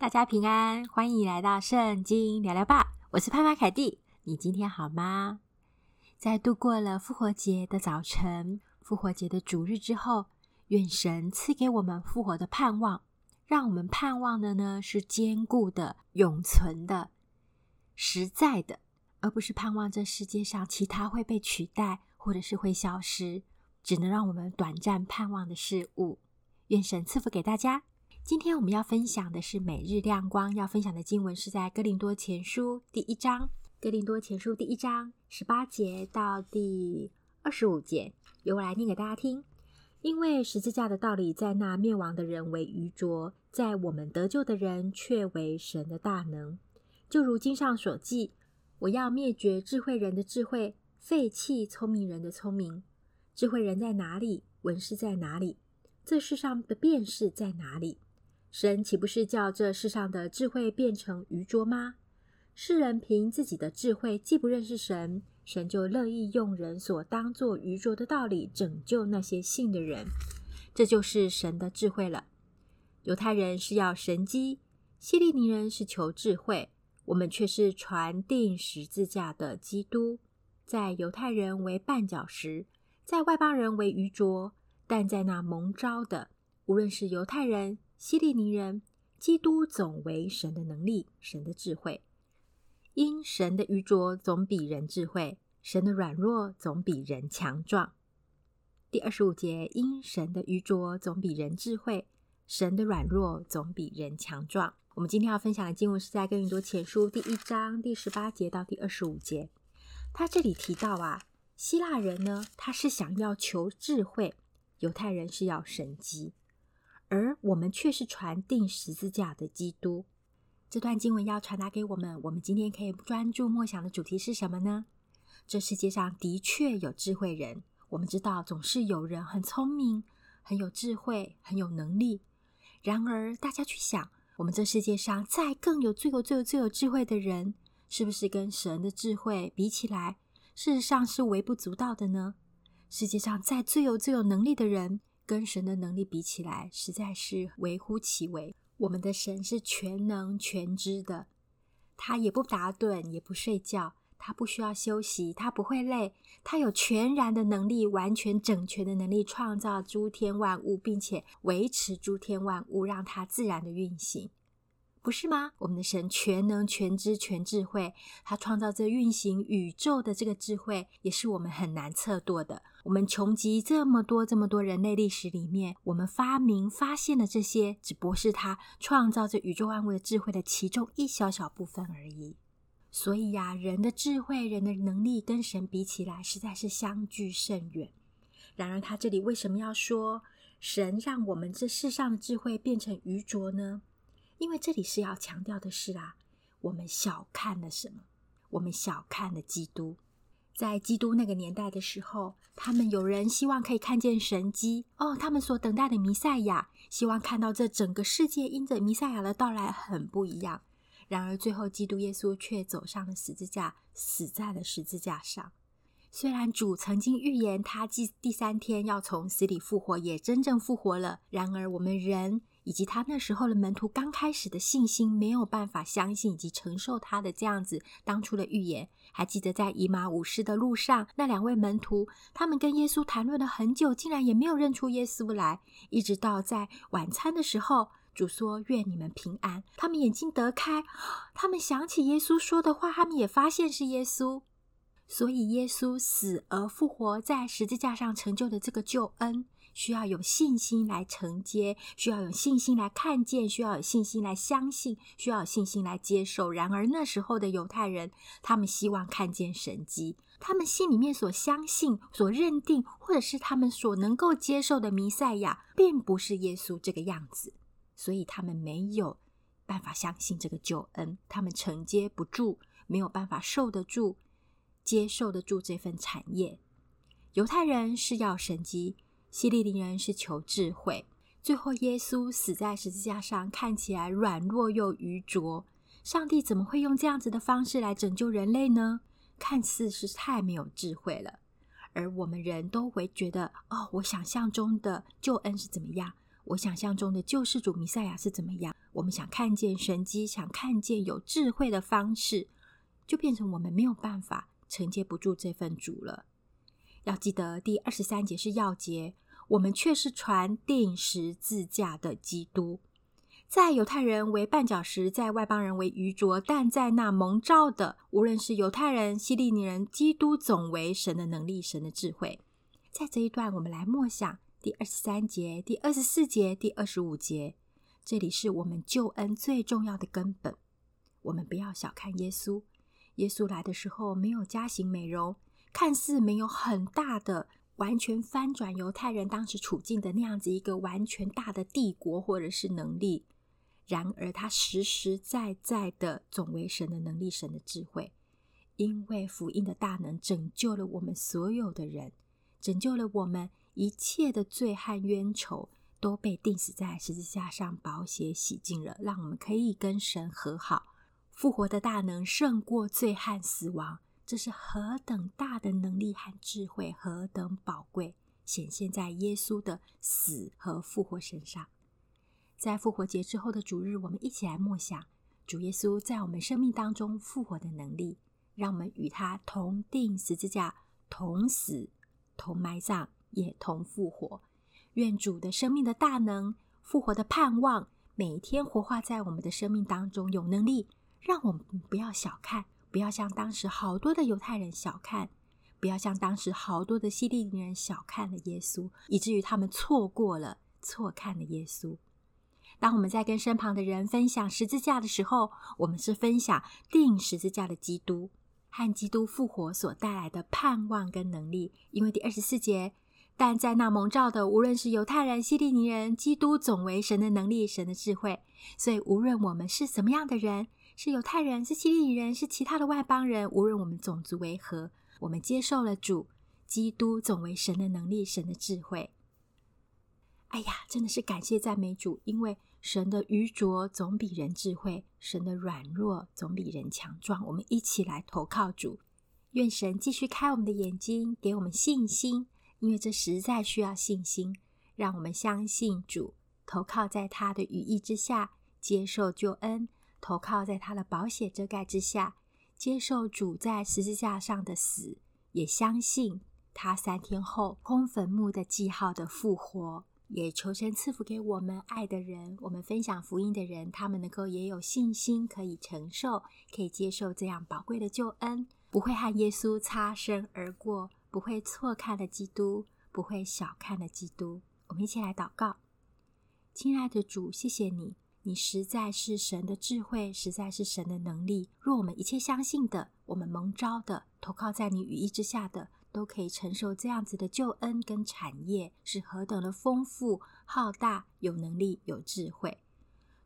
大家平安，歡迎來到聖經聊聊吧。我是潘瑪凱蒂，你今天好嗎？在度過了復活節的早晨、復活節的主日之後，願神賜給我們復活的盼望。讓我們盼望的呢，是堅固的、永存的、實在的，而不是盼望這世界上其他會被取代或者是會消失，只能讓我們短暫盼望的事物。願神賜福給大家。今天我們要分享的是每日亮光要分享的經文，是在哥林多前書第一章，《哥林多前書》第一章，《哥林多前書》第一章十八節到第二十五節，由我來念給大家聽。因為十字架的道理，在那滅亡的人為愚拙，在我們得救的人卻為神的大能。就如經上所記：“我要滅絕智慧人的智慧，廢棄聰明人的聰明。智慧人在哪裡，文士在哪裡，這世上的辯士在哪裡？”神豈不是叫這世上的智慧變成愚拙嗎？世人憑自己的智慧既不認識神，神就樂意用人所當作愚拙的道理拯救那些信的人。這就是神的智慧了。猶太人是要神蹟，希利尼人是求智慧，我們卻是傳釘十字架的基督，在猶太人為絆腳石，在外邦人為愚拙，但在那蒙召的，無論是猶太人，希利尼人，基督總為神的能力、神的智慧。因神的愚拙總比人智慧，神的軟弱總比人強壯。第二十五節，因神的愚拙總比人智慧，神的軟弱總比人強壯。我們今天要分享的經文是在《哥林多前書》第一章第十八節到第二十五節。他這裡提到啊，希臘人呢，他是想要求智慧；猶太人是要神蹟。而我們卻是傳釘十字架的基督。這段經文要傳達給我們，我們今天可以專注默想的主題是什麼呢？這世界上的確有智慧人，我們知道總是有人很聰明、很有智慧、很有能力。然而，大家去想，我們這世界上再更有最有最有最有智慧的人，是不是跟神的智慧比起來，事實上是微不足道的呢？世界上再最有最有能力的人，跟神的能力比起來，實在是微乎其微。我們的神是全能全知的，他也不打盹，也不睡覺，他不需要休息，他不會累，他有全然的能力，完全整全的能力，創造諸天萬物，並且維持諸天萬物，讓它自然的運行。不是嗎？我們的神全能、全知、全智慧，他創造這運行宇宙的這個智慧，也是我們很難測度的。我們窮極這麼多、這麼多人類歷史裡面，我們發明、發現的這些，只不過是他創造這宇宙萬物的智慧的其中一小小部分而已。所以呀、啊，人的智慧、人的能力跟神比起來，實在是相距甚遠。然而，他這裡為什麼要說神讓我們這世上的智慧變成愚拙呢？因為這裡是要強調的是啊，我們小看了什麼？我們小看了基督。在基督那個年代的時候，他們有人希望可以看見神蹟哦，他們所等待的彌賽亞，希望看到這整個世界因着彌賽亞的到來很不一樣。然而最後，基督耶穌卻走上了十字架，死在了十字架上。雖然主曾經預言他第第三天要從死裡復活，也真正復活了。然而我們人，以及他那時候的門徒剛開始的信心沒有辦法相信以及承受他的這樣子當初的預言，還記得在以馬忤斯的路上，那兩位門徒他們跟耶穌談論了很久，竟然也沒有認出耶穌來。一直到在晚餐的時候，主說願你們平安，他們眼睛得開，他們想起耶穌說的話，他們也發現是耶穌。所以耶穌死而復活在十字架上成就的這個救恩，需要有信心來承接，需要有信心來看見，需要有信心來相信，需要有信心來接受。然而那時候的猶太人，他們希望看見神蹟，他們心裡面所相信、所認定，或者是他們所能夠接受的彌賽亞，並不是耶穌這個樣子，所以他們沒有辦法相信這個救恩，他們承接不住，沒有辦法受得住，接受得住這份產業。猶太人是要神蹟。希利尼人是求智慧。最後，耶穌死在十字架上，看起來軟弱又愚拙。上帝怎麼會用這樣子的方式來拯救人類呢？看似是太沒有智慧了。而我們人都會覺得，哦，我想象中的救恩是怎麼樣？我想象中的救世主彌賽亞是怎麼樣？我們想看見神跡，想看見有智慧的方式，就變成我們沒有辦法承接不住這份主了。要記得第二十三節是要節，我們卻是傳釘十字架的基督，在猶太人為絆腳石，在外邦人為愚拙，但在那蒙召的，無論是猶太人、希利尼人，基督總為神的能力、神的智慧。在這一段，我們來默想第二十三節、第二十四節、第二十五節。這裡是我們救恩最重要的根本。我們不要小看耶穌，耶穌來的時候沒有佳形美容。看似沒有很大的完全翻轉猶太人當時處境的那樣子一個完全大的帝國或者是能力，然而他實實在在的總為神的能力、神的智慧，因為福音的大能拯救了我們所有的人，拯救了我們一切的罪和冤仇都被釘死在十字架上，寶血洗淨了，讓我們可以跟神和好。復活的大能勝過罪和死亡。這是何等大的能力和智慧，何等寶貴，顯現在耶穌的死和復活身上。在復活節之後的主日，我們一起來默想主耶穌在我們生命當中復活的能力，讓我們與他同釘十字架，同死，同埋葬，也同復活。願主的生命的大能、復活的盼望，每一天活化在我們的生命當中，有能力，讓我們不要小看。不要像當時好多的猶太人小看，不要像當時好多的希利尼人小看了耶穌，以至於他們錯過了錯看了耶穌。當我們在跟身旁的人分享十字架的時候，我們是分享釘十字架的基督和基督復活所帶來的盼望跟能力。因為第二十四節，但在那蒙召的，無論是猶太人、希利尼人，基督總為神的能力、神的智慧。所以，無論我們是什麼樣的人。是猶太人，是希利尼人，是其他的外邦人，無論我們種族為何，我們接受了主基督，總為神的能力、神的智慧。哎呀，真的是感謝讚美主，因為神的愚拙總比人智慧，神的軟弱總比人強壯。我們一起來投靠主，願神繼續開我們的眼睛，給我們信心，因為這實在需要信心。讓我們相信主，投靠在他的羽翼之下，接受救恩。投靠在他的寶血遮蓋之下，接受主在十字架上的死，也相信他三天後空墳墓的記號的復活，也求神賜福給我們愛的人，我們分享福音的人，他們能夠也有信心可以承受，可以接受這樣寶貴的救恩，不會和耶穌擦身而過，不會錯看了基督，不會小看了基督。我們一起來禱告，親愛的主，謝謝你。你實在是神的智慧，實在是神的能力。若我們一切相信的，我們蒙召的，投靠在你羽翼之下的，都可以承受這樣子的救恩跟產業，是何等的豐富浩大，有能力有智慧。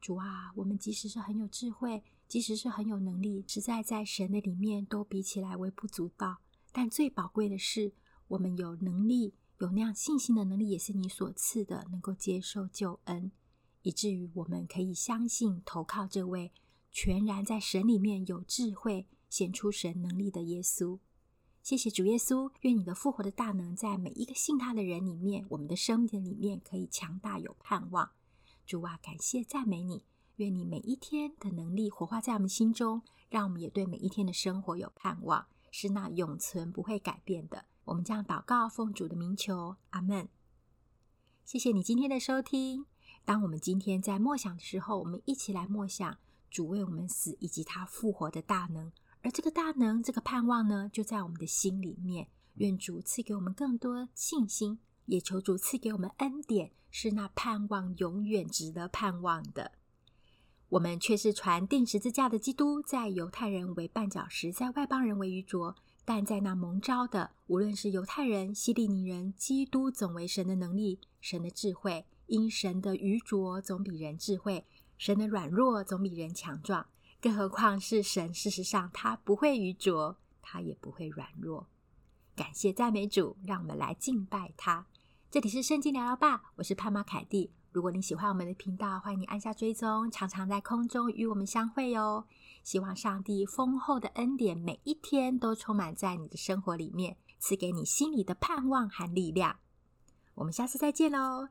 主啊，我們即使是很有智慧，即使是很有能力，實在在神的裡面都比起來微不足道。但最寶貴的是，我們有能力，有那樣信心的能力，也是你所賜的，能夠接受救恩。以至於我們可以相信投靠這位全然在神裡面有智慧顯出神能力的耶穌。謝謝主耶穌，願你的復活的大能在每一個信他的人裡面，我們的生命裡面可以強大有盼望。主啊，感謝讚美你，願你每一天的能力活化在我們心中，讓我們也對每一天的生活有盼望，是那永存不會改變的。我們將禱告，奉主的名求，阿門。謝謝你今天的收聽。當我們今天在默想的時候，我們一起來默想主為我們死以及他復活的大能。而這個大能，這個盼望呢，就在我們的心裡面。願主賜給我們更多信心，也求主賜給我們恩典，是那盼望永遠值得盼望的。我們卻是傳定十字架的基督，在猶太人為絆腳石，在外邦人為愚拙；但在那蒙召的，無論是猶太人、希利尼人，基督總為神的能力、神的智慧。因神的愚拙總比人智慧，神的軟弱總比人強壯。更何況是神，事實上他不會愚拙，他也不會軟弱。感謝讚美主，讓我們來敬拜他。這裡是聖經聊聊吧，我是潘媽凱蒂。如果你喜歡我們的頻道，歡迎你按下追蹤，常常在空中與我們相會哦。希望上帝豐厚的恩典每一天都充滿在你的生活裡面，賜給你心裡的盼望和力量。我們下次再見嘍。